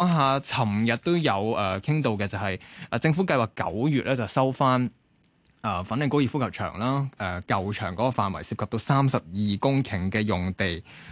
啊！講下尋日都有誒傾、呃、到嘅就係、是、啊，政府計劃九月咧就收返。啊、呃，粉嶺高爾夫球場啦，誒、呃、舊場嗰個範圍涉及到三十二公頃嘅用地，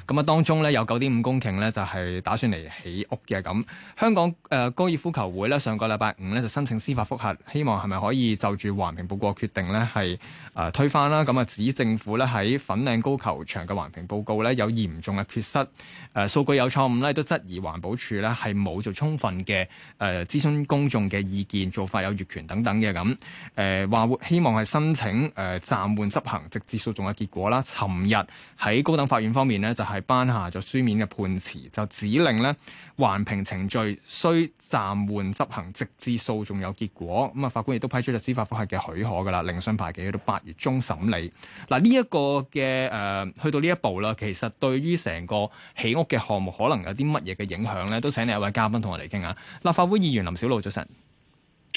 咁、嗯、啊當中呢有九點五公頃呢，就係、是、打算嚟起屋嘅咁、嗯。香港誒、呃、高爾夫球會呢，上個禮拜五呢，就申請司法覆核，希望係咪可以就住環評報告決定呢？係誒、呃、推翻啦。咁、嗯、啊指政府呢喺粉嶺高球場嘅環評報告呢，有嚴重嘅缺失，誒、呃、數據有錯誤呢，都質疑環保署呢，係冇做充分嘅誒、呃、諮詢公眾嘅意見，做法有越權等等嘅咁誒話會希希望係申請誒、呃、暫緩執行，直至訴訟嘅結果啦。尋日喺高等法院方面呢，就係、是、頒下咗書面嘅判詞，就指令呢環評程序需暫緩執行，直至訴訟有結果。咁啊，法官亦都批出咗司法覆核嘅許可㗎喇。聆訊排期去到八月中審理。嗱、啊，呢、這、一個嘅誒、呃、去到呢一步啦，其實對於成個起屋嘅項目，可能有啲乜嘢嘅影響呢？都請你一位嘉賓同我嚟傾下。立法會議員林筱魯早晨。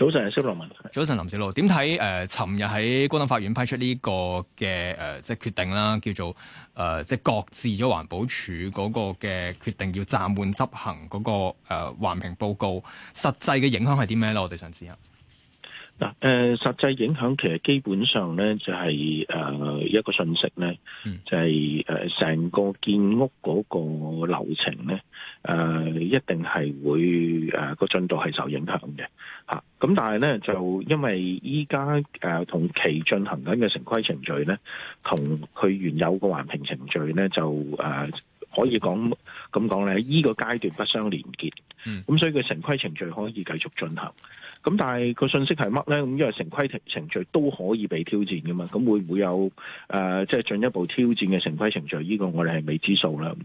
早晨，係薛樂早晨，林筱魯，點睇誒？尋日喺高等法院批出呢個嘅誒、呃，即係決定啦，叫做誒、呃，即係擱置咗環保署嗰個嘅決定要暫執、那個，要暫緩執行嗰個誒環評報告，實際嘅影響係啲咩咧？我哋想知。下。嗱，誒、呃，實際影響其實基本上咧，就係、是、誒、呃、一個訊息咧，就係誒成個建屋嗰個流程咧，誒、呃、一定係會誒個進度係受影響嘅，吓、啊。咁但係咧就因為依家誒同期進行緊嘅城規程序咧，同佢原有個環評程序咧，就誒、呃、可以講咁講咧，依、這個階段不相連結，咁、嗯嗯、所以佢城規程序可以繼續進行。咁但係、個信息係乜咧？咁因為成規程序都可以被挑戰嘅嘛，咁會唔會有誒、呃、即係進一步挑戰嘅成規程序？呢、呢個我哋係未知數啦。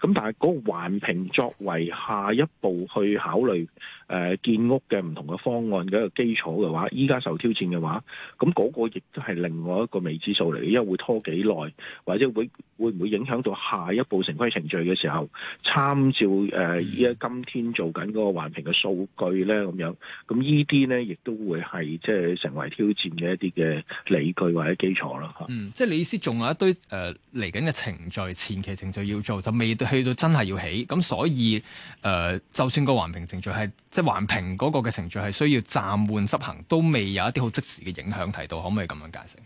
咁但係嗰、個環評作為下一步去考慮。誒建屋嘅唔同嘅方案嘅一個基礎嘅話，依家受挑戰嘅話，咁嗰個亦都係另外一個未知數嚟嘅，因為會拖幾耐，或者會會唔會影響到下一步城規程序嘅時候，參照誒依家今天做緊嗰個環評嘅數據咧，咁樣咁依啲咧亦都會係即係成為挑戰嘅一啲嘅理據或者基礎啦，吓，嗯，即係你意思仲有一堆誒嚟緊嘅程序，前期程序要做，就未去到真係要起，咁所以誒、呃、就算個環評程序係。即係環評嗰個嘅程序係需要暫緩執行，都未有一啲好即時嘅影響提到，可唔可以咁樣解釋？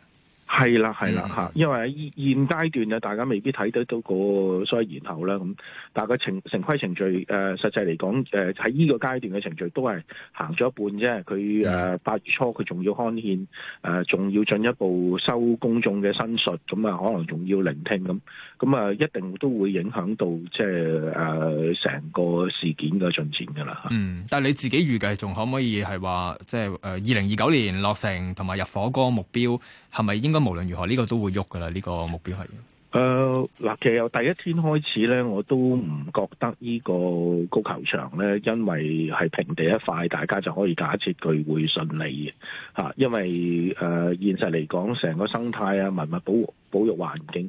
係啦，係啦，吓，嗯、因為喺現階段啊，大家未必睇得到、那個所以然後啦，咁但係個程成規程，程序誒、呃，實際嚟講誒喺呢個階段嘅程序都係行咗一半啫。佢誒八月初佢仲要刊憲，誒、呃、仲要進一步收公眾嘅申述。咁啊可能仲要聆聽，咁咁啊一定都會影響到即係誒成個事件嘅進展噶啦。嗯，但係你自己預計仲可唔可以係話即係誒二零二九年落成同埋入火嗰個目標係咪應該？無論如何，呢、這個都會喐噶啦，呢、這個目標係。誒，嗱，其實由第一天開始咧，我都唔覺得呢個高球場咧，因為係平地一塊，大家就可以假設佢會順利吓、啊。因為誒、呃，現實嚟講，成個生態啊，文物保保育環境。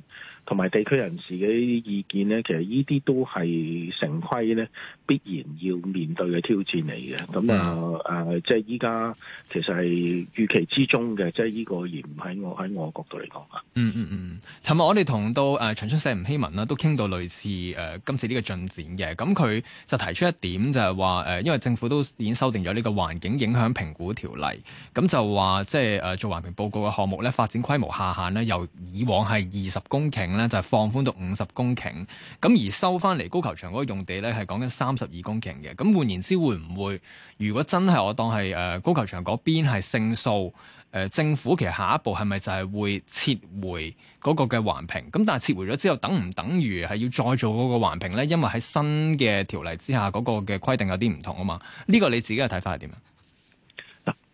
同埋地區人士嘅意見咧，其實呢啲都係城規咧必然要面對嘅挑戰嚟嘅。咁啊誒，即係依家其實係預期之中嘅，即係呢個而唔喺我喺我角度嚟講啊。嗯嗯嗯，尋日我哋同到誒長、呃、春社吳希文啦，都傾到類似誒、呃、今次呢個進展嘅。咁佢就提出一點就係話誒，因為政府都已經修訂咗呢個環境影響評估條例，咁就話即係誒、呃、做環評報告嘅項目咧，發展規模下限咧由以往係二十公頃。就係放寬到五十公頃，咁而收翻嚟高球場嗰個用地咧，係講緊三十二公頃嘅。咁換言之會唔會，如果真係我當係誒、呃、高球場嗰邊係勝訴，誒、呃、政府其實下一步係咪就係會撤回嗰個嘅環評？咁但係撤回咗之後，等唔等於係要再做嗰個環評咧？因為喺新嘅條例之下，嗰、嗰個嘅規定有啲唔同啊嘛，呢、呢個你自己嘅睇法係點啊？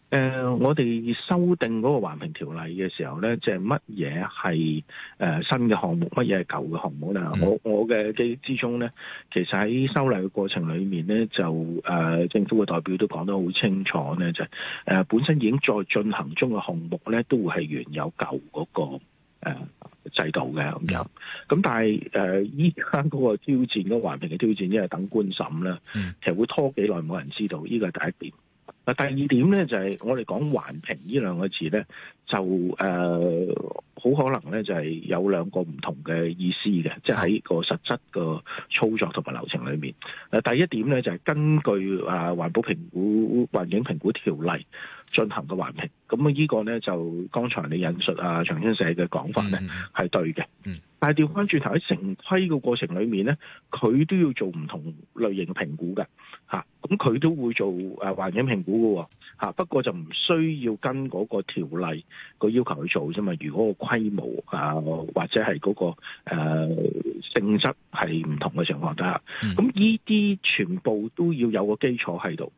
誒、呃，我哋修訂嗰個環評條例嘅時候咧，即係乜嘢係誒新嘅項目，乜嘢係舊嘅項目咧？我我嘅記憶之中咧，其實喺修例嘅過程裏面咧，就誒、呃、政府嘅代表都講得好清楚咧，就誒、是呃、本身已經在進行中嘅項目咧，都會係原有舊嗰、那個誒、呃、制度嘅咁樣。咁、嗯、但係誒依家嗰個挑戰嗰個環評嘅挑戰，因為等官審啦，嗯、其實會拖幾耐冇人知道，呢個係第一點。啊，第二點咧就係我哋講環評呢兩個字咧，就誒好、呃、可能咧就係有兩個唔同嘅意思嘅，即係喺個實質嘅操作同埋流程裏面。誒，第一點咧就係根據啊環保評估環境評估條例，進行環評，個環評，咁啊呢個咧就剛才你引述啊長青社嘅講法咧係、mm hmm. 對嘅，但係調翻轉頭喺成規個過程裏面咧，佢都要做唔同類型評估嘅，吓、啊，咁佢都會做誒呃、環境評估嘅，吓、啊，不過就唔需要跟嗰個條例個要求去做啫嘛。如果個規模啊、呃、或者係嗰、個誒、呃、性質係唔同嘅情況底下，咁呢啲全部都要有個基礎喺度。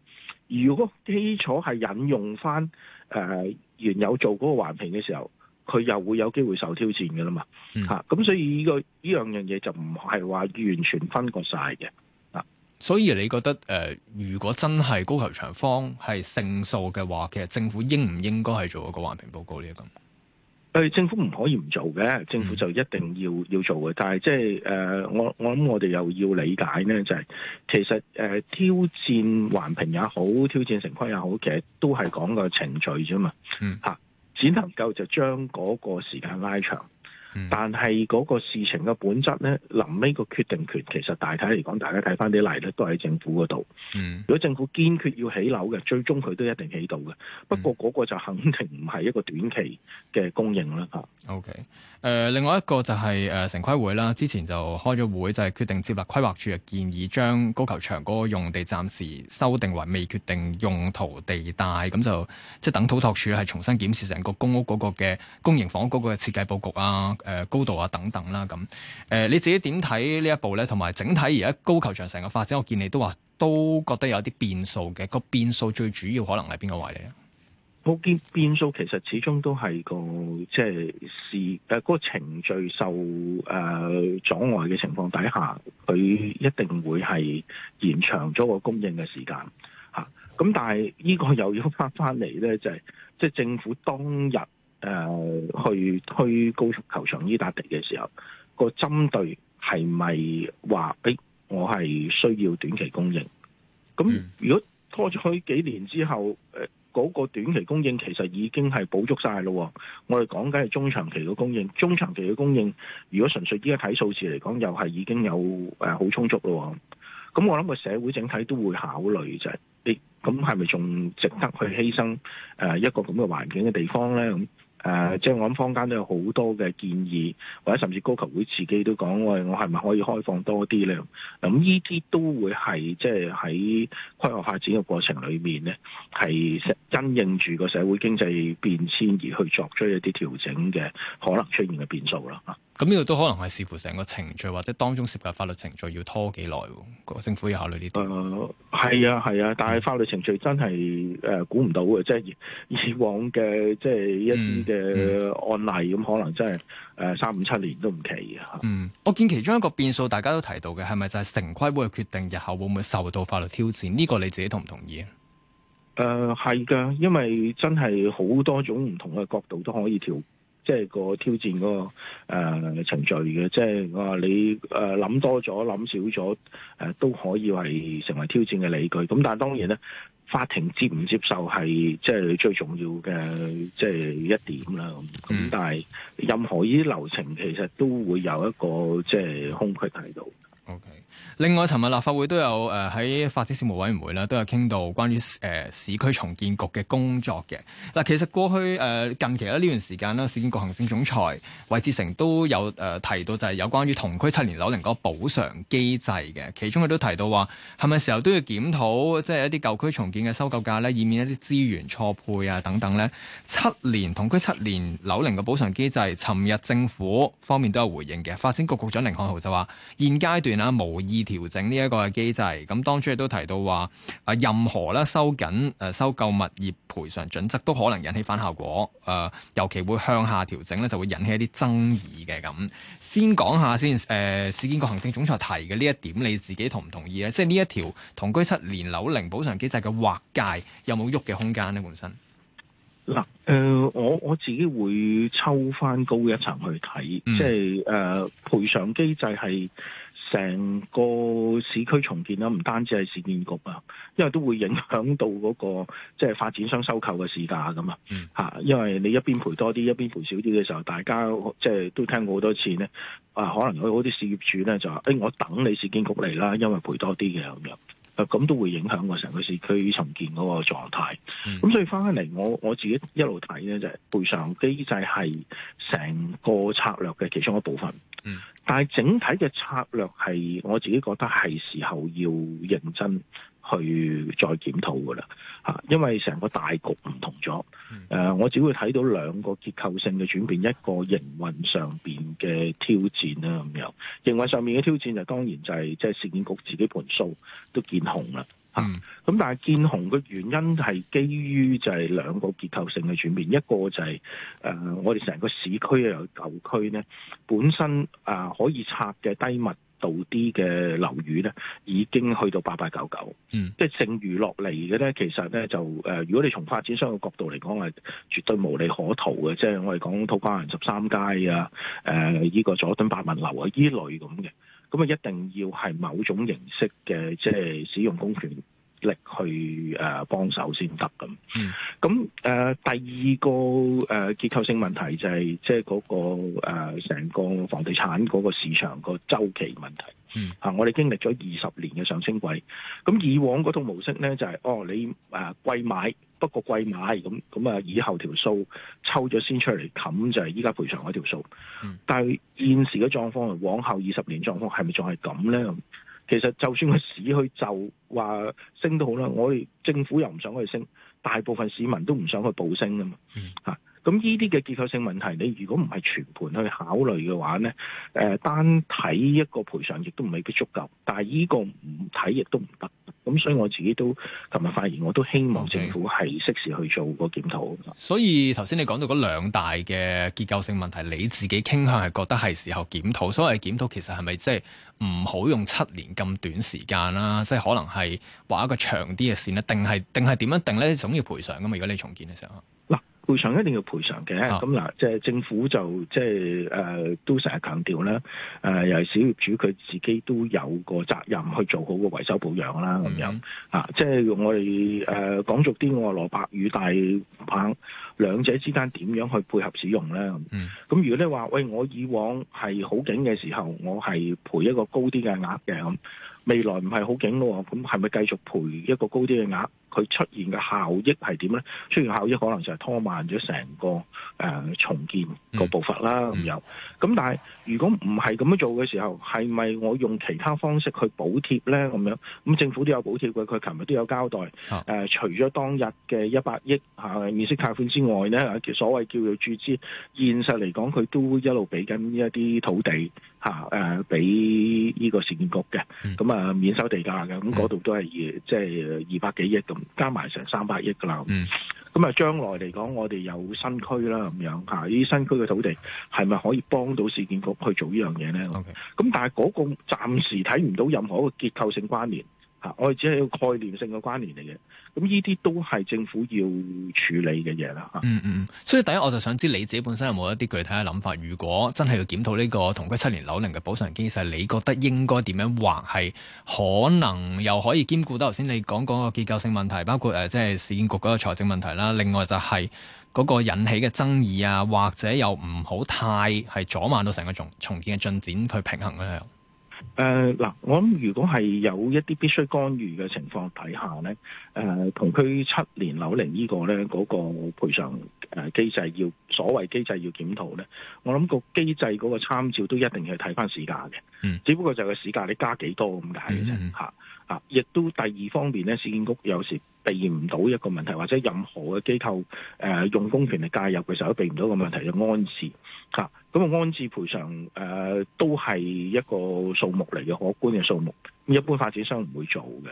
如果基礎係引用翻誒、呃、原有做嗰個環評嘅時候，佢又會有機會受挑戰嘅啦嘛嚇，咁、嗯啊、所以呢、呢個呢樣嘢就唔係話完全分割晒嘅啊。所以你覺得誒、呃，如果真係高球場方係勝訴嘅話，其實政府應唔應該係做一個環評報告呢、呢個？咁？誒，政府唔可以唔做嘅，政府就一定要要做嘅。但係即係誒，我我諗我哋又要理解咧，就係、是、其實誒、呃、挑戰環評也好，挑戰城規也好，其實都係講個程序啫嘛。吓、嗯，只能夠就將嗰個時間拉長。但係嗰個事情嘅本質呢，臨尾個決定權其實大體嚟講，大家睇返啲例咧，都喺政府嗰度。嗯、如果政府堅決要起樓嘅，最終佢都一定起到嘅。不過嗰個就肯定唔係一個短期嘅供應啦。吓，OK，誒、呃，另外一個就係、是、誒、呃、城規會啦，之前就開咗會，就係、是、決定接納規劃署嘅建議，將高球場嗰個用地暫時修訂為未決定用途地帶，咁就即係、就是、等土拓署係重新檢視成個公屋嗰個嘅公營房屋嗰個嘅設計布局啊。誒、呃、高度啊等等啦咁，誒、呃、你自己點睇呢一步咧？同埋整體而家高球場成個發展，我見你都話都覺得有啲變數嘅。個變數最主要可能係邊個位嚟啊？我見變數其實始終都係個即係事誒，嗰、就是呃、程序受誒、呃、阻礙嘅情況底下，佢一定會係延長咗個供應嘅時間。嚇、啊。咁但係呢個又要翻翻嚟咧，就係即係政府當日。誒、呃，去推高球場呢笪地嘅時候，個針對係咪話誒，我係需要短期供應？咁如果拖咗去幾年之後，誒、呃、嗰、個短期供應其實已經係補足晒咯。我哋講緊係中長期嘅供應，中長期嘅供應，如果純粹依家睇數字嚟講，又係已經有誒好、呃、充足咯。咁我諗個社會整體都會考慮就係、是，誒咁係咪仲值得去犧牲誒、呃、一個咁嘅環境嘅地方咧？咁誒、呃，即係我諗坊間都有好多嘅建議，或者甚至高球會自己都講，喂，我係咪可以開放多啲咧？咁呢啲都會係即係喺規劃發展嘅過程裏面咧，係因應住個社會經濟變遷而去作出一啲調整嘅可能出現嘅變數啦。咁呢個都可能係視乎成個程序或者當中涉及法律程序要拖幾耐，政府要考慮呢啲。誒、呃，係啊，係啊，但係法律程序真係誒估唔到嘅，即係以往嘅即係一啲嘅案例咁，嗯、可能真係誒三五七年都唔奇啊。嗯，我見其中一個變數，大家都提到嘅係咪就係城規會嘅決定日後會唔會受到法律挑戰？呢個你自己同唔同意啊？誒、呃，係嘅，因為真係好多種唔同嘅角度都可以調。即係個挑戰嗰個、呃、程序嘅，即係我話你誒諗、呃、多咗、諗少咗誒、呃、都可以係成為挑戰嘅理據。咁但係當然咧，法庭接唔接受係即係最重要嘅即係一點啦。咁但係任何呢啲流程其實都會有一個即係空隙喺度。OK，另外，尋日立法會都有誒喺發展事務委員會咧，都有傾到關於誒、呃、市區重建局嘅工作嘅。嗱、呃，其實過去誒、呃、近期咧呢段時間咧，市建局行政總裁韋志成都有誒、呃、提到，就係有關於同區七年樓齡嗰個補償機制嘅。其中佢都提到話，係咪時候都要檢討，即係一啲舊區重建嘅收購價咧，以免一啲資源錯配啊等等咧。七年同區七年樓齡嘅補償機制，尋日政府方面都有回應嘅。發展局局長甯漢豪就話，現階段啊，無意調整呢一個嘅機制。咁當初亦都提到話，啊任何咧收緊誒收購物業賠償準則，都可能引起反效果。誒、呃，尤其會向下調整咧，就會引起一啲爭議嘅咁。先講下先。誒、呃，市建局行政總裁提嘅呢一點，你自己同唔同意咧？即係呢一條同區七年樓齡補償機制嘅劃界，有冇喐嘅空間呢？本身。嗱，誒、呃，我我自己會抽翻高一層去睇，嗯、即係誒、呃，賠償機制係成個市區重建啦，唔單止係市建局啊，因為都會影響到嗰、那個即係發展商收購嘅市價咁、嗯、啊，嚇！因為你一邊賠多啲，一邊賠少啲嘅時候，大家即係都聽過好多次咧，啊，可能有好多啲業主咧就話，誒、欸，我等你市建局嚟啦，因為賠多啲嘅咁樣。咁都會影響我成個市區重建嗰個狀態。咁、嗯、所以翻翻嚟，我我自己一路睇咧，就係、賠償機制係成個策略嘅其中一部分。嗯、但係整體嘅策略係我自己覺得係時候要認真去再檢討噶啦嚇，因為成個大局唔同咗。誒、mm. 呃，我只會睇到兩個結構性嘅轉變，一個營運上邊嘅挑戰啦咁樣。營運上面嘅挑戰就係、當然就係即係市建局自己盤數都見紅啦嚇。咁、mm. 啊、但係見紅嘅原因係基於就係兩個結構性嘅轉變，一個就係、是、誒、呃、我哋成個市區有舊區咧，本身誒、呃、可以拆嘅低密度啲嘅樓宇咧，已經去到八八九九，嗯，即係剩餘落嚟嘅咧，其實咧就誒、呃，如果你從發展商嘅角度嚟講，係絕對無利可圖嘅，即係我哋講土瓜灣十三街啊，誒、呃、依、這個佐敦百萬樓啊依類咁嘅，咁啊一定要係某種形式嘅即係使用公權。力去誒、呃、幫手先得咁，咁誒、嗯呃、第二個誒、呃、結構性問題就係即係嗰個成、呃、個房地產嗰個市場個周期問題。嗯，啊，我哋經歷咗二十年嘅上升軌，咁以往嗰套模式咧就係、是，哦，你誒、呃、貴買不過貴買咁，咁啊以後條數抽咗先出嚟冚就係依家賠償嗰條數。嗯，但現時嘅狀況，往後二十年狀況係咪仲係咁咧？其實就算個市去就話升都好啦，我哋政府又唔想去升，大部分市民都唔想去暴升㗎嘛，嚇、嗯。咁呢啲嘅結構性問題，你如果唔係全盤去考慮嘅話，咧、呃，誒單睇一個賠償亦都未必足夠，但係呢個唔睇亦都唔得。咁所以我自己都琴日發現，我都希望政府係適時去做個檢討。Okay. 所以頭先你講到嗰兩大嘅結構性問題，你自己傾向係覺得係時候檢討，所謂檢討其實係咪即係唔好用七年咁短時間啦、啊？即、就、係、是、可能係畫一個長啲嘅線咧，定係定係點樣定咧？總要賠償噶嘛？如果你重建嘅時候。賠償一定要賠償嘅，咁嗱、啊，即係、就是、政府就即係誒都成日強調啦，誒又係小業主佢自己都有個責任去做好個維修保養啦，咁樣、嗯、啊，即、就、係、是、我哋誒、呃、講俗啲話，蘿蔔與大棒兩者之間點樣去配合使用咧？咁、嗯、如果你話，喂，我以往係好景嘅時候，我係賠一個高啲嘅額嘅，咁未來唔係好景咯，咁係咪繼續賠一個高啲嘅額？佢出現嘅效益係點咧？出現效益可能就係拖慢咗成個誒，重建個步伐啦咁有。咁但係如果唔係咁樣做嘅時候，係咪我用其他方式去補貼咧？咁樣，咁政府都有補貼嘅，佢琴日都有交代。誒，除咗當日嘅一百億嚇免息貸款之外咧，其實所謂叫做注資，現實嚟講佢都一路俾緊一啲土地嚇，誒俾依個市建局嘅。咁啊，免收地價嘅，咁嗰度都係二即係二百幾億咁。加埋成三百億噶啦，咁啊、嗯、將來嚟講，我哋有新區啦，咁樣吓，呢啲新區嘅土地係咪可以幫到市建局去做呢樣嘢咧？咁 Okay. 但係嗰個暫時睇唔到任何一個結構性關聯，吓，我哋只係一個概念性嘅關聯嚟嘅。咁呢啲都係政府要處理嘅嘢啦。嗯嗯嗯，所以第一我就想知你自己本身有冇一啲具體嘅諗法？如果真係要檢討呢個同區七年樓齡嘅補償機制，你覺得應該點樣，還係可能又可以兼顧到頭先你講嗰個結構性問題，包括誒即係市建局嗰個財政問題啦。另外就係嗰個引起嘅爭議啊，或者又唔好太係阻慢到成個重重建嘅進展，去平衡嘅誒，嗱、呃，我諗如果係有一啲必須干預嘅情況底下咧，誒、呃，同區七年樓齡呢個，咧，嗰個賠償誒機制要所謂機制要檢討咧，我諗個機制嗰個參照都一定要睇翻市價嘅，嗯、只不過就係個市價你加幾多咁解啫，吓、嗯嗯嗯。亦、啊、都第二方面咧，市建局有時避唔到一個問題，或者任何嘅機構誒、呃、用公權嚟介入嘅時候，都避唔到個問題嘅、就係、安置嚇。咁、啊、個安置賠償誒都係一個數目嚟嘅，可觀嘅數目。一般發展商唔會做嘅。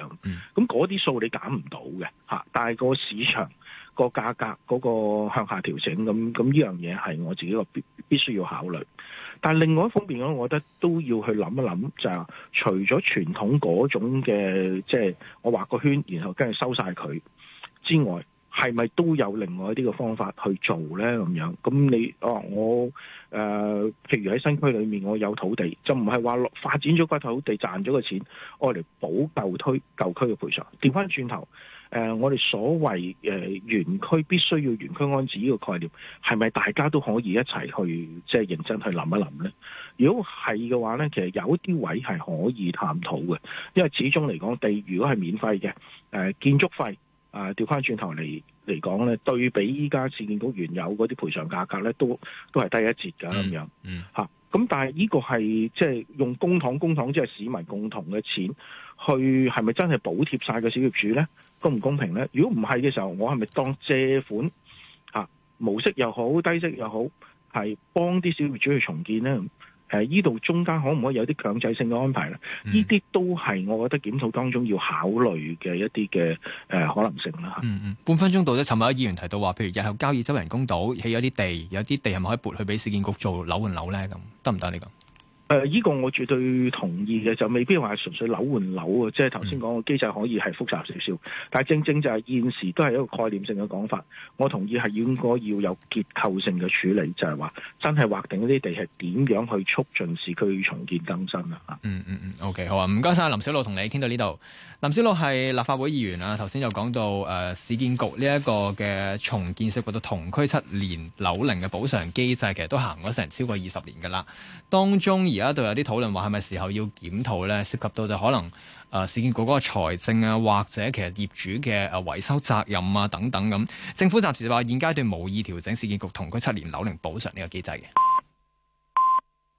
咁嗰啲數你減唔到嘅嚇。但係個市場，個價格嗰、那個向下調整咁，咁呢樣嘢係我自己個必必須要考慮。但另外一方面我覺得都要去諗一諗，就係、是、除咗傳統嗰種嘅，即、就、係、是、我畫個圈，然後跟住收晒佢之外，係咪都有另外一啲嘅方法去做呢？咁樣咁你哦、啊，我誒、呃、譬如喺新區裏面，我有土地，就唔係話落發展咗個土地賺咗個錢，我嚟補舊區舊區嘅賠償。調返轉頭。誒、呃，我哋所謂誒、呃、園區必須要園區安置呢個概念，係咪大家都可以一齊去即係認真去諗一諗咧？如果係嘅話咧，其實有一啲位係可以探討嘅，因為始終嚟講地如果係免費嘅，誒、呃、建築費，誒調翻轉頭嚟嚟講咧，對比依家市建局原有嗰啲賠償價格咧，都都係低一截㗎咁樣，嗯，嗯，嚇、啊，咁但係呢個係即係用公帑公帑即係市民共同嘅錢去，係咪真係補貼晒個小業主咧？公唔公平咧？如果唔係嘅時候，我係咪當借款吓、啊、模式又好，低息又好，係幫啲小業主去重建咧？誒、呃，呢度中間可唔可以有啲強制性嘅安排咧？呢啲、嗯、都係我覺得檢討當中要考慮嘅一啲嘅誒可能性啦。嗯嗯，半分鐘到咗。尋日阿議員提到話，譬如日後交椅洲人工島起咗啲地，有啲地係咪可以撥去俾市建局做樓換樓咧？咁得唔得呢行行、這個？誒，依、呃這個我絕對同意嘅，就未必話純粹樓換樓啊，即係頭先講個機制可以係複雜少少，嗯、但係正正就係現時都係一個概念性嘅講法。我同意係應該要有結構性嘅處理，就係、是、話真係劃定呢啲地係點樣去促進市區重建更新啊、嗯。嗯嗯嗯，OK，好啊，唔該晒林筱魯，同你傾到呢度。林筱魯係立法會議員啊，頭先就講到誒、呃，市建局呢一個嘅重建涉及到同區七年樓齡嘅補償機制，其實都行咗成超過二十年噶啦，當中而家都有啲討論話係咪時候要檢討呢？涉及到就可能誒，市建局嗰個財政啊，或者其實業主嘅誒維修責任啊等等咁。政府暫時話，現階段無意調整市建局同區七年樓齡補償呢個機制嘅。